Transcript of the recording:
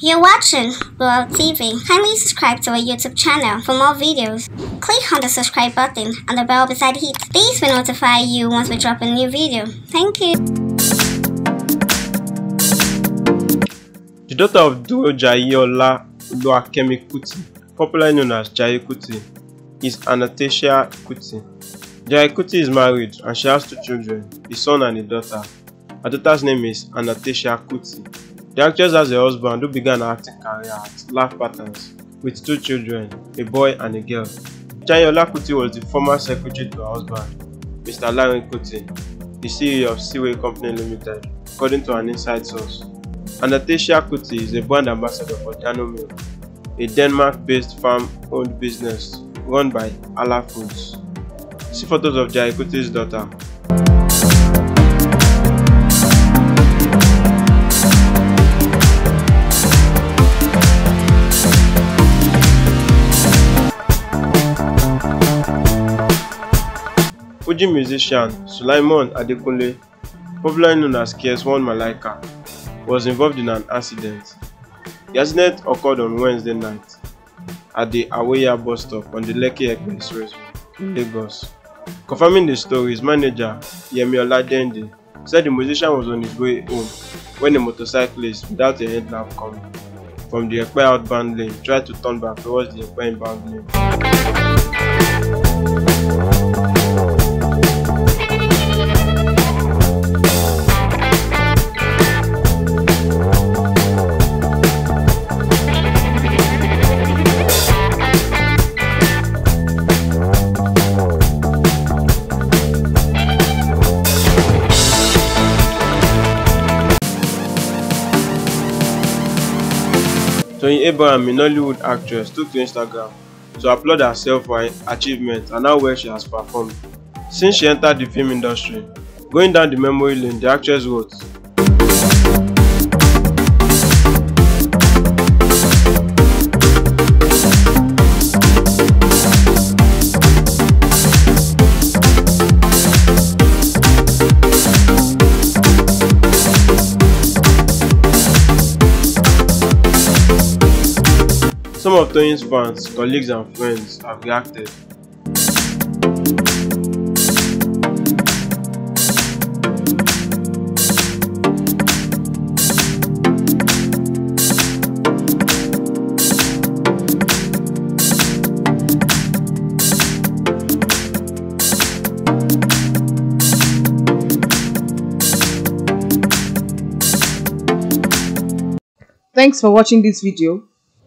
You're watching Blowout TV. Kindly subscribe to our YouTube channel for more videos. Click on the subscribe button and the bell beside it. These will notify you once we drop a new video. Thank you. The daughter of duo Jayola Luakemi Kuti, popularly known as Jai Kuti, is Anastasia Kuti. Jai Kuti is married and she has two children, a son and a daughter. Her daughter's name is Anastasia Kuti. The actress has a husband who began her acting career at Laugh Patterns with two children, a boy and a girl. Chayola Kuti was the former secretary to her husband, Mr. Larry Kuti, the CEO of Seaway Company Limited, according to an inside source. Anastasia Kuti is a brand ambassador for Dano a Denmark-based farm-owned business run by Ala Foods. See photos of Jai Kuti's daughter, Fuji musician Sulaimon Adekunle, popularly known as KS1 Malaika, was involved in an accident. The accident occurred on Wednesday night at the Aweya bus stop on the Lekki Ekpe Expressway, Lagos. Confirming the story, his manager Yemi Oladende said the musician was on his way home when a motorcyclist without a headlamp coming from the Ekpe outbound lane tried to turn back towards the Ekpe inbound lane. Tony Abraham, a Nollywood actress, took to Instagram to applaud herself for her achievements and how well she has performed since she entered the film industry. Going down the memory lane, the actress wrote, some of Tony's fans, colleagues and friends have reacted. Thanks for watching this video.